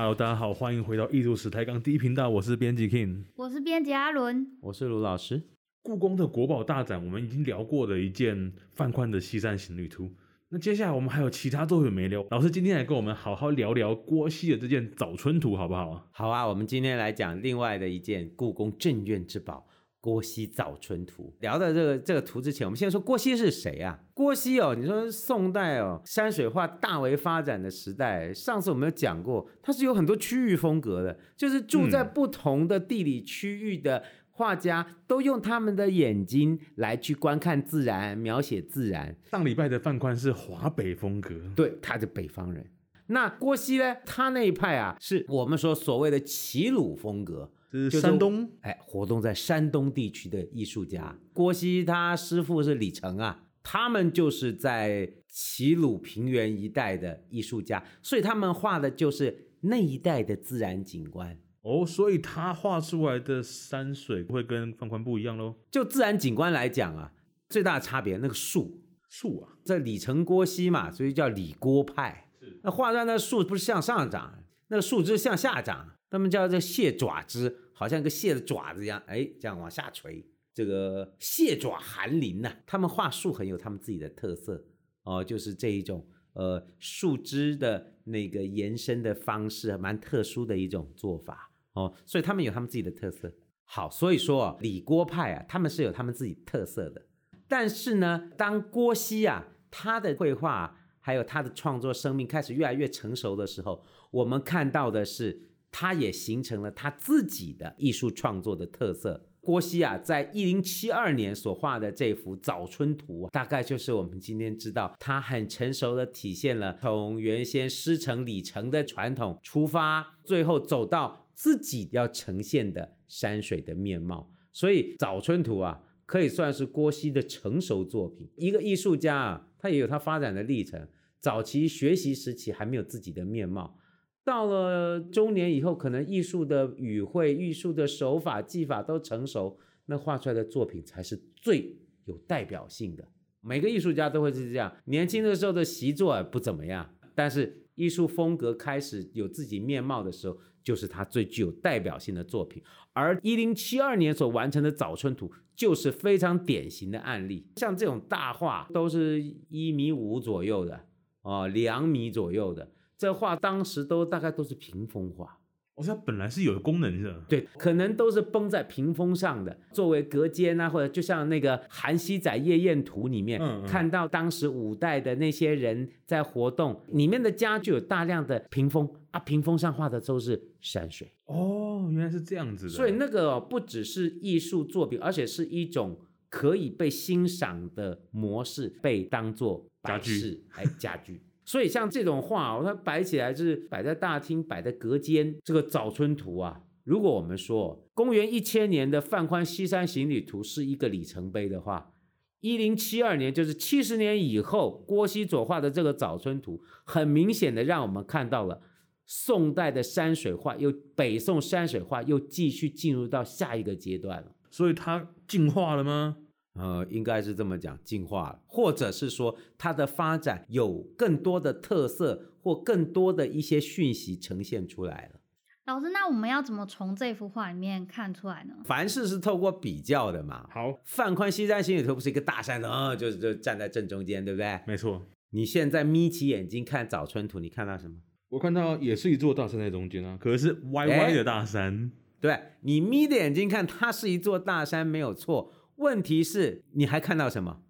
哈嘍，Hello, 大家好，歡迎回到藝術史台港第一頻道。我是編輯 King，我是編輯阿倫，我是盧老師。故宮的國寶大展，我們已經聊過的一件范寬的《谿山行旅圖》，那接下來我們還有其他作品沒聊。老師今天來跟我們好好聊聊郭熙的這件《早春圖》，好不好？好啊，我們今天來講另外的一件故宮鎮院之寶。郭熙《早春圖》，聊到這個這個圖之前，我們現在說郭熙是誰啊？郭熙哦，你說宋代哦，山水畫大為發展的時代，上次我們有講過，他是有很多區域風格的，就是住在不同的地理區域的畫家，嗯、都用他們的眼睛來去觀看自然，描寫自然。上禮拜的范寬是華北風格，對，他是北方人。那郭熙呢？他那一派啊，是我們說所謂的齊魯風格。這是山東，哎，活動在山東地區的藝術家郭熙，他師傅是李成啊，他們就是在齊魯平原一帶的藝術家，所以他們畫的就是那一帶的自然景觀。哦，所以他畫出來的山水不會跟范寬不一樣嘍？就自然景觀來講啊，最大差別那個樹，樹啊，在李成郭熙嘛，所以叫李郭派。是，那畫上那樹不是向上長，那個樹枝向下長。他們叫做蟹爪枝，好像一個蟹的爪子一樣，哎，這樣往下垂。這個蟹爪寒林吶、啊，他們畫樹很有他們自己的特色哦，就是這一種呃樹枝的那個延伸的方式，蠻特殊的一種做法哦，所以他們有他們自己的特色。好，所以說李郭派啊，他們是有他們自己特色的。但是呢，當郭熙啊，他的繪畫、啊、還有他的創作生命開始越來越成熟的時候，我們看到的是。他也形成了他自己的藝術創作的特色。郭熙啊，在一零七二年所畫的這幅《早春圖》，大概就是我們今天知道他很成熟的體現，了從原先師承李成的傳統出發，最後走到自己要呈現的山水的面貌。所以，《早春圖》啊，可以算是郭熙的成熟作品。一個藝術家啊，他也有他發展的歷程。早期學習時期還沒有自己的面貌。到了中年以後，可能藝術的語彙、藝術的手法、技法都成熟，那畫出來的作品才是最有代表性的。每個藝術家都會是這樣，年輕的時候的習作不怎麼樣，但是藝術風格開始有自己面貌的時候，就是他最具有代表性的作品。而一零七二年所完成的《早春圖》就是非常典型的案例。像這種大畫，都是一米五左右的，啊、哦，兩米左右的。這畫當時都大概都是屏風畫，而且、哦、本來是有功能的。對，可能都是繃在屏風上的，作為隔間啊，或者就像那個《韓熙載夜宴圖》裡面、嗯嗯、看到當時五代的那些人在活動，裡面的家具有大量的屏風啊，屏風上畫的都是山水。哦，原來是這樣子的。所以那個、哦、不只是藝術作品，而且是一種可以被欣賞的模式，被當做擺飾家具還家具。 所以像這種畫啊，它擺起來就是擺在大廳，擺在隔間。這個《早春圖》啊，如果我們說公元一千年的范寬《谿山行旅圖》是一個里程碑的話，一零七二年就是七十年以後，郭熙所畫的這個《早春圖》，很明顯的讓我們看到了宋代的山水畫，又北宋山水畫又繼續進入到下一個階段了。所以它進化了嗎？呃，應該是這麼講，進化了，或者是說它的發展有更多的特色，或更多的一些訊息呈現出來了。老師，那我們要怎麼從這幅畫裡面看出來呢？凡事是透過比較的嘛。好，范寬谿山行旅裡頭不是一個大山啊、呃，就是就站在正中間，對不對？沒錯。你現在眯起眼睛看《早春圖》，你看到什麼？我看到也是一座大山在中間啊，可是歪歪的大山。欸、對你眯着眼睛看，它是一座大山，沒有錯。問題是，你還看到什麼？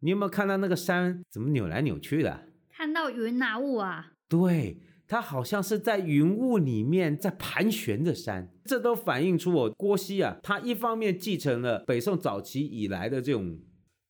你有沒有看到那個山怎麼扭來扭去的？看到雲拿霧啊，對，它好像是在雲霧裡面在盤旋的山，這都反映出我郭熙啊，他一方面繼承了北宋早期以來的這種。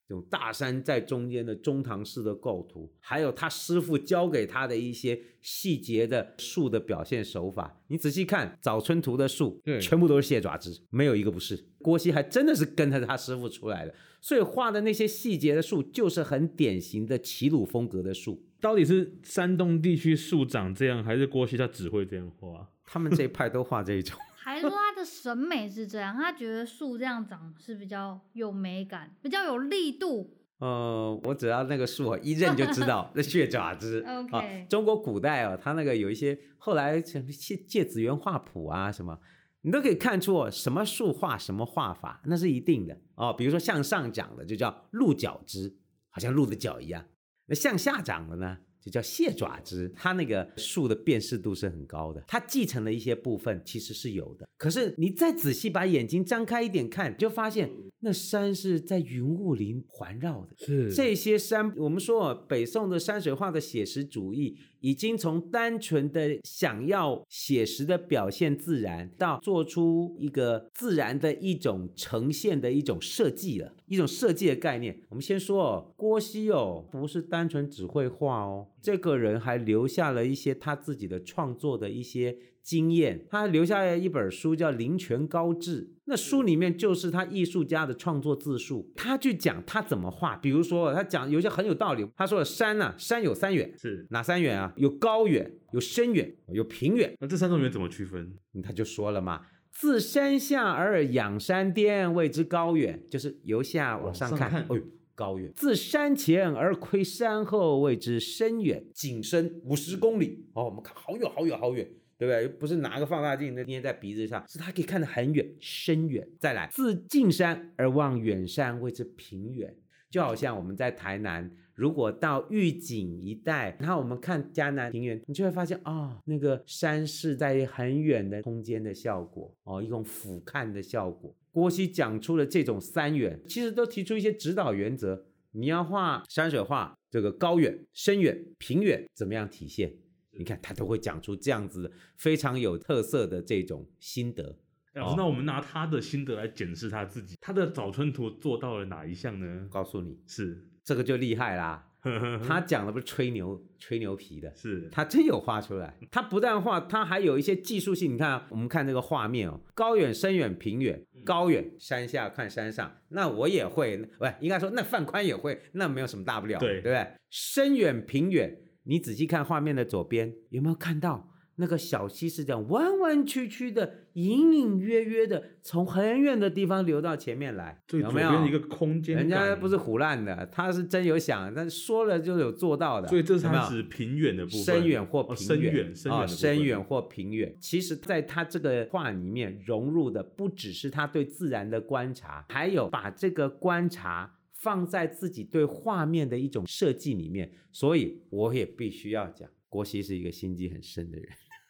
這種大山在中間的中堂式的構圖，還有他師傅教給他的一些細節的樹的表現手法，你仔細看《早春圖》的樹，對，全部都是蟹爪枝，沒有一個不是。郭熙還真的是跟着他師傅出來的，所以畫的那些細節的樹，就是很典型的齊魯風格的樹。到底是山東地區樹長這樣，還是郭熙他只會這樣畫？他們這一派都畫這一種。還亂。的審美是這樣，他覺得樹這樣長是比較有美感，比較有力度。呃，我只要那個樹，一認就知道，那 蟹爪枝。OK，哦，中國古代哦，他那個有一些後來《芥芥子園畫譜》啊什麼，你都可以看出哦，什麼樹畫什麼畫法，那是一定的哦。比如說向上長的就叫鹿角枝，好像鹿的角一樣。那向下長的呢？就叫蟹爪枝，它那個樹的辨識度是很高的。它繼承了一些部分其實是有的，可是你再仔細把眼睛張開一點看，就發現那山是在雲霧裡環繞的。是這些山，我們說哦，北宋的山水畫的寫實主義，已經從單純的想要寫實的表現自然，到做出一個自然的一種呈現的一種設計了，一種設計的概念。我們先說哦，郭熙哦，不是單純只會畫哦。這個人還留下了一些他自己的創作的一些經驗，他留下了一本書叫《林泉高志》，那書裡面就是他藝術家的創作自述，他去講他怎麼畫，比如說他講有些很有道理，他說山啊，山有三遠，是哪三遠啊？有高遠，有深遠，有平遠，那這三種遠怎麼區分？他就說了嘛，自山下而養山巔謂之高遠，就是由下往上看。高遠，自山前而窺山後，謂之深遠。景深五十公里。哦，我們看好遠，好遠，好遠，對不對？又不是拿個放大鏡，那捏在鼻子上，是它可以看得很遠，深遠。再來，自近山而望遠山，謂之平遠。就好像我們在台南。如果到玉井一帶，然後我們看嘉南平原，你就會發現啊，哦，那個山勢在很遠的空間的效果哦，一種俯瞰的效果。郭熙講出了這種三遠，其實都提出一些指導原則，你要畫山水畫，這個高遠、深遠、平遠怎麼樣體現？你看他都會講出這樣子非常有特色的這種心得。老師，那我們拿他的心得來檢視他自己，他的《早春圖》做到了哪一項呢？告訴你是。這個就厲害啦、啊！他講的不是吹牛、吹牛皮的，是他真有畫出來。他不但畫，他還有一些技術性。你看、啊，我們看這個畫面哦，高遠、深遠、平遠，高遠山下看山上，那我也會，喂，應該說那范寬也會，那沒有什麼大不了，對，對不對？深遠、平遠，你仔細看畫面的左邊，有沒有看到？那個小溪是這樣彎彎曲曲的，隱隱約約的，從很遠的地方流到前面來，有沒有一個空間？人家不是胡亂的，他是真有想，但說了就有做到的，所以這是平遠的部分，深遠或平遠，啊，深遠或平遠。其實，在他這個畫裡面融入的不只是他對自然的觀察，還有把這個觀察放在自己對畫面的一種設計裡面。所以，我也必須要講，郭熙是一個心機很深的人。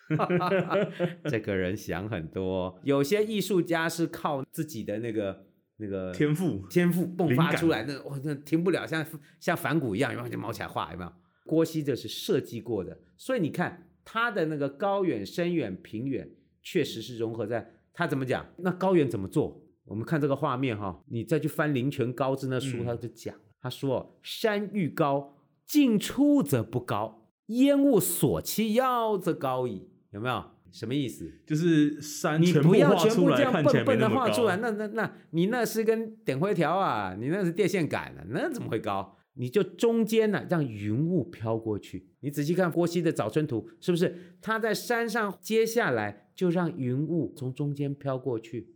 這個人想很多、哦，有些藝術家是靠自己的那個那個天賦，天賦迸發出來的感、哦，那停不了，像像梵谷一樣，然後就冒起來畫，有沒有？郭熙這是設計過的，所以你看他的那個高遠、深遠、平遠，確實是融合在。他怎麼講？那高遠怎麼做？我們看這個畫面哈、哦，你再去翻《林泉高致》那書，嗯、他就講，他說山欲高，近出則不高，煙霧鎖其腰，則高矣。有沒有什麼意思？就是山，你不要全部這樣笨笨的畫出來。那那那你那是根點灰條啊，你那是電線桿了、啊，那怎麼會高？你就中間呢、啊，讓雲霧飄過去。你仔細看郭熙的《早春圖》，是不是他在山上接下來就讓雲霧從中間飄過去，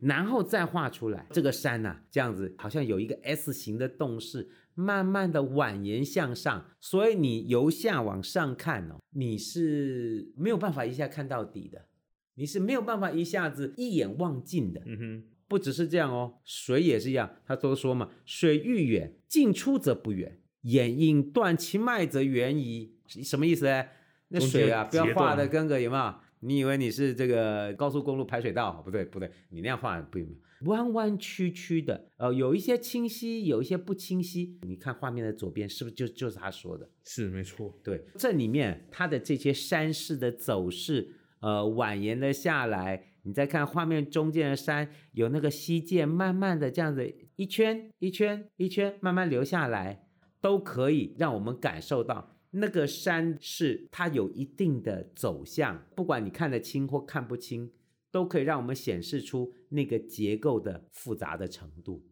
然後再畫出來這個山呢、啊？這樣子好像有一個 S 型的動勢。慢慢的蜿蜒向上，所以你由下往上看哦，你是沒有辦法一下看到底的，你是沒有辦法一下子一眼望盡的。嗯哼，不只是這樣哦，水也是一樣，他都說嘛，水欲遠，近出則不遠，掩映斷其脈則遠矣。什麼意思呢？那水啊，不要畫的跟個有沒有？你以為你是這個高速公路排水道？不對，不對，你那樣畫不行。彎彎曲曲的，呃，有一些清晰，有一些不清晰。你看畫面的左邊，是不是就就是他說的？是，沒錯。對，這裡面它的這些山勢的走勢，呃，蜿蜒的下來。你再看畫面中間的山，有那個溪澗，慢慢的這樣子一圈一圈一圈，一圈慢慢流下來，都可以讓我們感受到。那個山是它有一定的走向，不管你看得清或看不清，都可以讓我們顯示出那個結構的複雜的程度。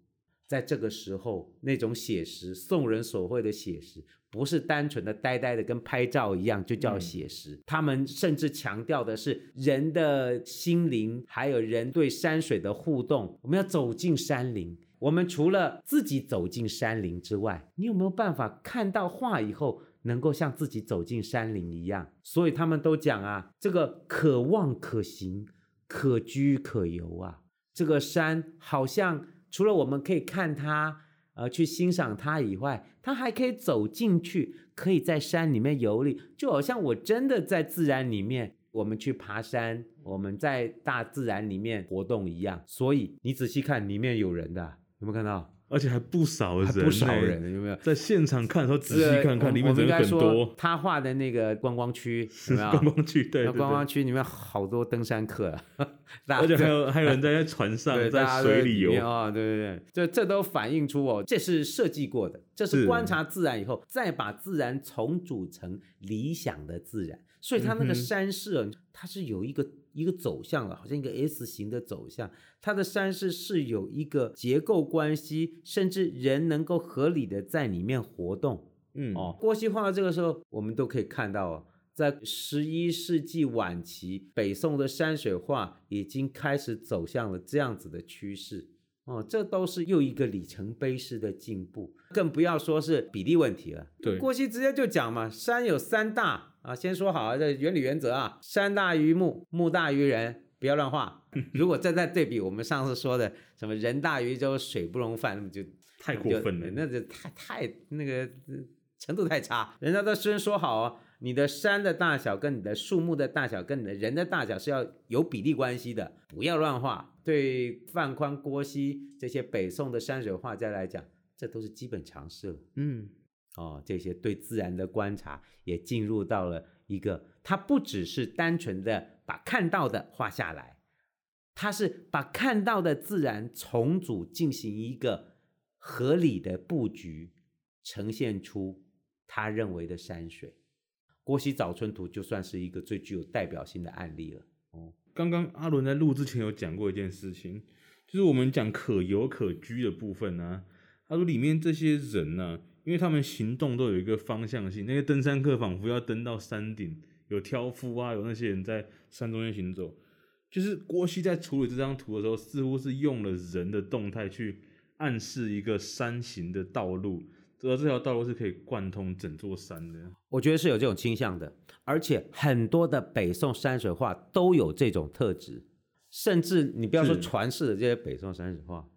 在這個時候，那種寫實，宋人所繪的寫實，不是單純的呆呆的跟拍照一樣，就叫寫實。嗯、他們甚至強調的是人的心靈，還有人對山水的互動。我們要走進山林，我們除了自己走進山林之外，你有沒有辦法看到畫以後？能夠像自己走進山林一樣，所以他們都講啊，這個可望可行，可居可遊啊。這個山好像除了我們可以看它，呃，去欣賞它以外，它還可以走進去，可以在山裡面遊歷，就好像我真的在自然裡面，我們去爬山，我們在大自然裡面活動一樣。所以你仔細看，裡面有人的，有沒有看到？而且還不少人，不少人，有沒有？在現場看的時候，仔細看看裡面真的很多。他畫的那個觀光區，觀光區，對，觀光區裡面好多登山客，啊。而且還有還有人在在船上在水裡游啊，對對對，這這都反映出哦，這是設計過的，這是觀察自然以後再把自然重組成理想的自然，所以他那個山勢啊，它是有一個，一個走向了，好像一個 S 型的走向，它的山勢是有一個結構關係，甚至人能夠合理的在裡面活動。嗯哦，郭熙畫到這個時候，我們都可以看到，在十一世紀晚期，北宋的山水畫已經開始走向了這樣子的趨勢。哦，這都是又一個里程碑式的進步，更不要說是比例問題了。對，郭熙直接就講嘛，山有三大啊，先說好啊，這原理原則啊，山大於木，木大於人，不要亂畫。 如果再再對比我們上次說的什麼人大於舟，水不容泛，那麼就太過分了，就那就太太那個。程度太差，人家都先說好哦，你的山的大小跟你的樹木的大小跟你的人的大小是要有比例關係的，不要亂畫。對范寬、郭熙這些北宋的山水畫家來講，這都是基本常識了。嗯，哦，這些對自然的觀察也進入到了一個，他不只是單純的把看到的畫下來，他是把看到的自然重組，進行一個合理的布局，呈現出。他認為的山水，《郭熙早春圖》就算是一個最具有代表性的案例了。哦，剛剛阿倫在錄之前有講過一件事情，就是我們講可遊可居的部分呢、啊。他說裡面這些人呢、啊，因為他們行動都有一個方向性，那些登山客仿佛要登到山頂，有挑夫啊，有那些人在山中間行走。就是郭熙在處理這張圖的時候，似乎是用了人的動態去暗示一個山形的道路。而這條道路是可以貫通整座山的，我覺得是有這種傾向的，而且很多的北宋山水畫都有這種特質，甚至你不要說傳世的這些北宋山水畫，是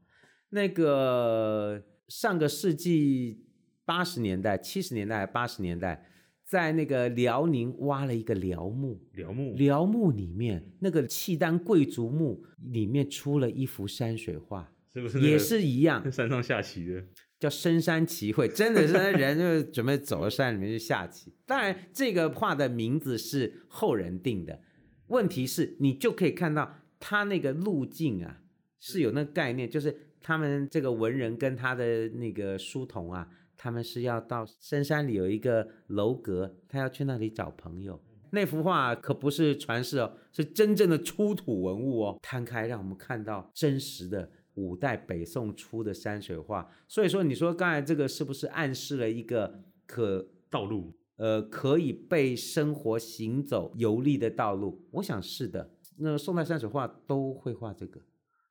那個上個世紀八十年代，七十年代，八十年代，在那個遼寧挖了一個遼墓，遼墓，遼墓裡面那個契丹貴族墓裡面出了一幅山水畫，是不是，那個？也是一樣，在山上下棋的。叫深山棋會，真的是那人就準備走到山裡面去下棋。 當然，這個畫的名字是後人定的。問題是你就可以看到他那個路徑啊，是有那個概念，就是他們這個文人跟他的那個書童啊，他們是要到深山裡有一個樓閣，他要去那裡找朋友。那幅畫可不是傳世哦，是真正的出土文物哦，攤開讓我們看到真實的。五代北宋初的山水畫，所以說你說剛才這個是不是暗示了一個可道路？呃，可以被生活行走遊歷的道路？我想是的。那宋代山水畫都會畫這個，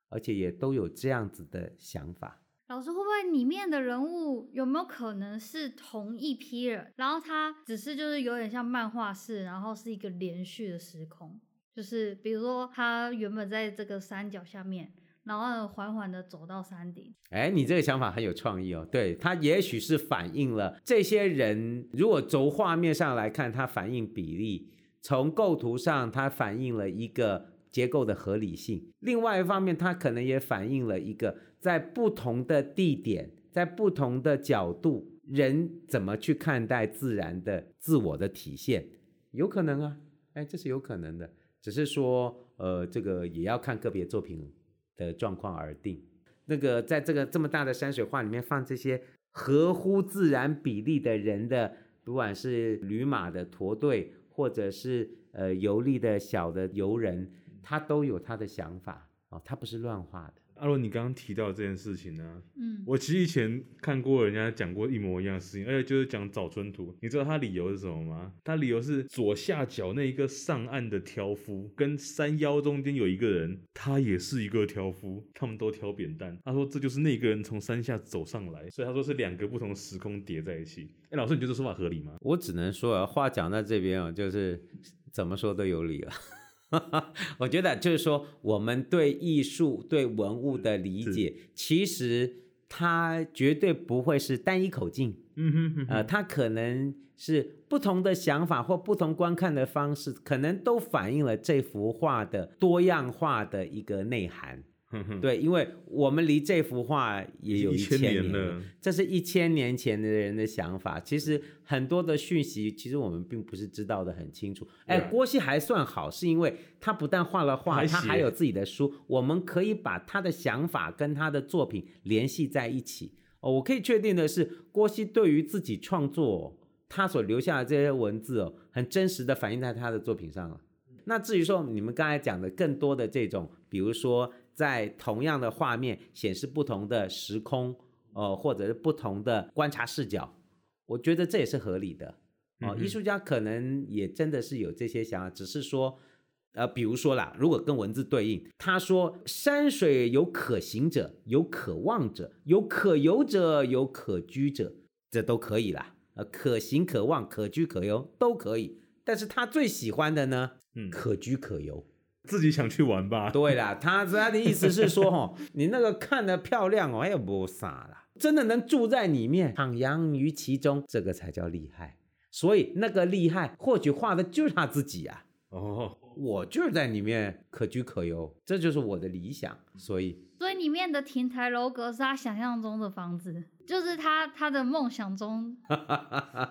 而且也都有這樣子的想法。老師會不會裡面的人物有沒有可能是同一批人？然後他只是就是有點像漫畫式，然後是一個連續的時空，就是比如說他原本在這個山腳下面。然後緩緩的走到山頂。哎，你這個想法很有創意哦。對。它也許是反映了這些人。如果從畫面上來看，它反映比例；從構圖上，它反映了一個結構的合理性。另外一方面，它可能也反映了一個在不同的地點、在不同的角度，人怎麼去看待自然的自我的體現。有可能啊，哎，這是有可能的。只是說，呃，這個也要看個別作品。的、呃、狀況而定。那個在這個這麼大的山水畫裡面，放這些合乎自然比例的人的，不管是驢馬的駝隊，或者是呃遊歷的小的遊人，他都有他的想法哦，他不是亂畫的。阿龍，啊、你剛剛提到的這件事情呢，啊，嗯，我其實以前看過人家講過一模一樣的事情，而且就是講《早春圖》，你知道他理由是什麼嗎？他理由是左下角那一個上岸的挑夫，跟山腰中間有一個人，他也是一個挑夫，他們都挑扁擔。他說這就是那個人從山下走上來，所以他說是兩個不同時空疊在一起。哎，老師，你覺得這說法合理嗎？我只能說啊，話講到這邊啊，哦，就是怎麼說都有理啊。 我覺得就是說，我們對藝術、對文物的理解，其實它絕對不會是單一口徑。嗯哼哼，它可能是不同的想法或不同觀看的方式，可能都反映了這幅畫的多樣化的一個內涵。 對，因為我們離這幅畫也有一千年，一千年了，這是一千年前的人的想法。其實很多的訊息，其實我們並不是知道的很清楚。吧哎，郭熙還算好，是因為他不但畫了畫，還是他還有自己的書，我們可以把他的想法跟他的作品聯繫在一起。哦，我可以確定的是，郭熙對於自己創作哦，他所留下的這些文字哦，很真實的反映在他的作品上了。那至於說你們剛才講的更多的這種，比如說。在同樣的畫面顯示不同的時空，呃，或者是不同的觀察視角，我覺得這也是合理的。哦，藝術家可能也真的是有這些想法，只是說，呃，比如說啦，如果跟文字對應，他說山水有可行者，有可望者，有可遊者，有可居者，這都可以啦。呃，可行可望可居可遊都可以，但是他最喜歡的呢，嗯，可居可遊。嗯自己想去玩吧。對啦，他他的意思是說， 你那個看得漂亮哦，哎呀不傻了，真的能住在裡面，徜徉於其中，這個才叫厲害。所以那個厲害，或許畫的就是他自己啊。哦，我就是在裡面可居可遊，這就是我的理想。所以，所以裡面的亭台樓閣是他想象中的房子，就是他他的夢想中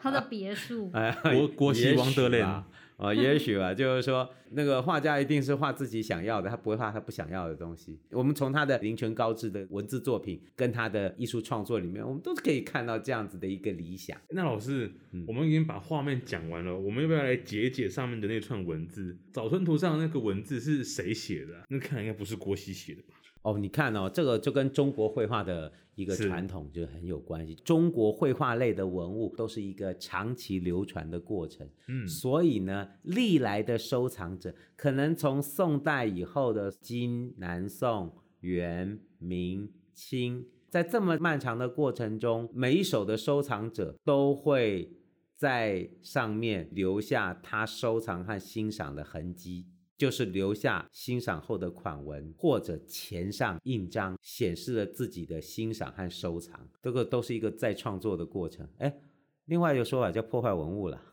他的別墅。哎、國國西王德烈啊。哦，也許吧， 就是說，那個畫家一定是畫自己想要的，他不會畫他不想要的東西。我們從他的《林泉高致》的文字作品跟他的藝術創作裡面，我們都是可以看到這樣子的一個理想。那老師，嗯、我們已經把畫面講完了，我們要不要來解解上面的那串文字？早春圖上那個文字是誰寫的、啊？那看來應該不是郭熙寫的吧？哦，你看哦，這個就跟中國繪畫的一個傳統就很有關係。是中國繪畫類的文物都是一個長期流傳的過程，嗯，所以呢，歷來的收藏者，可能從宋代以後的金、南宋、元、明、清，在這麼漫長的過程中，每一手的收藏者都會在上面留下他收藏和欣賞的痕跡。就是留下欣賞後的款文或者鈐上印章，顯示了自己的欣賞和收藏。這個都是一個再創作的過程。哎，另外一個說法叫破壞文物了，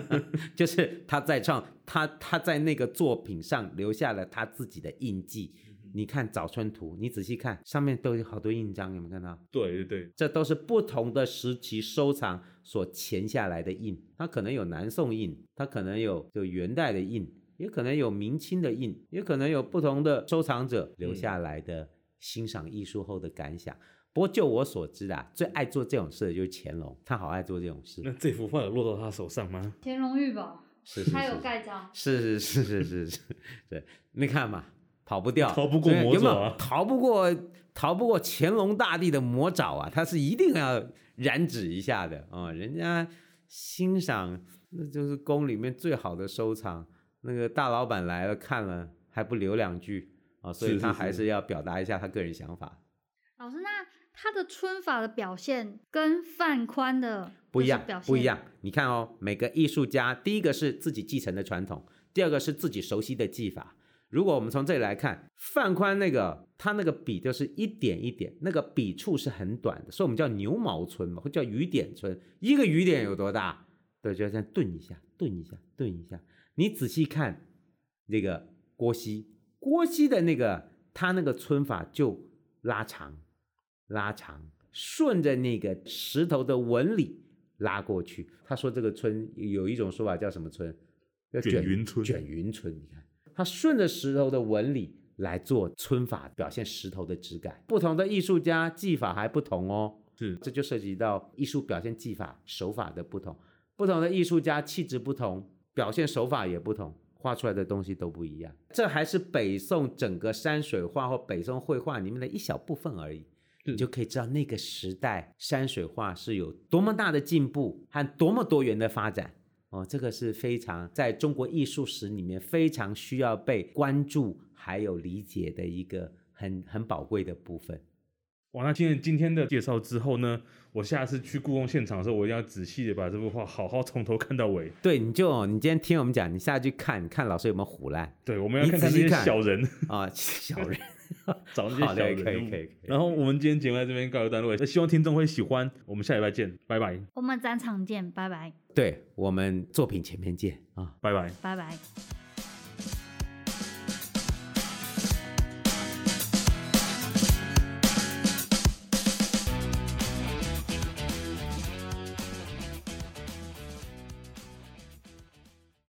就是他在創他他在那個作品上留下了他自己的印記。你看《早春圖》，你仔細看上面都有好多印章，有沒有看到？對對對，這都是不同的時期收藏所鈐下來的印。他可能有南宋印，他可能有就元代的印。也可能有明清的印，也可能有不同的收藏者留下來的欣賞藝術後的感想。嗯、不過就我所知啊，最愛做這種事的就是乾隆，他好愛做這種事。那這幅畫有落到他手上嗎？乾隆御寶，是，是，是他有蓋章，是是是是是是，對，你看嘛，跑不掉，逃不過，啊、有沒有逃不過，魔爪逃不過逃不過，乾隆大帝的魔爪啊？他是一定要染指一下的啊、哦！人家欣賞，那就是宮裡面最好的收藏。那個大老闆來了，看了還不留兩句啊、哦，所以他還是要表達一下他個人想法。老師，那他的皴法的表現跟范寬的不一樣，表現不一樣。你看哦，每個藝術家，第一個是自己繼承的傳統，第二個是自己熟悉的技法。如果我們從這裡來看，范寬那個他那個筆就是一點一點，那個筆觸是很短的，所以我們叫牛毛皴嘛，或者叫雨點皴。一個雨點有多大？對，對，就要這樣頓一下，頓一下，頓一下。你仔細看，那個郭熙、郭熙的那個他那個皴法，就拉長，拉長，順着那個石頭的紋理拉過去。他說這個皴有一種說法叫什麼皴？叫卷、卷雲皴。卷雲皴，你看他順着石頭的紋理來做皴法，表現石頭的質感。不同的藝術家技法還不同哦。是，這就涉及到藝術表現技法手法的不同。不同的藝術家氣質不同。表現手法也不同，畫出來的東西都不一樣。這還是北宋整個山水畫或北宋繪畫裡面的一小部分而已，你就可以知道那個時代山水畫是有多麼大的進步和多麼多元的發展。哦，這個是非常在中國藝術史裡面非常需要被關注還有理解的一個很很寶貴的部分。我那聽今天的介紹之後呢，我下次去故宮現場的時候，我一定要仔細的把這幅畫好好從頭看到尾。對，你就你今天聽我們講，你下去看你看老師有沒有唬爛。對，我們要看看那些小人啊、 哦，小人， 找那些小人。好的，可以可以。可以然後我們今天節目在這邊告一段落，希望聽眾會喜歡。我們下禮拜見，拜拜。我們展場見，拜拜。對，我們作品前面見啊，哦、拜拜，拜拜。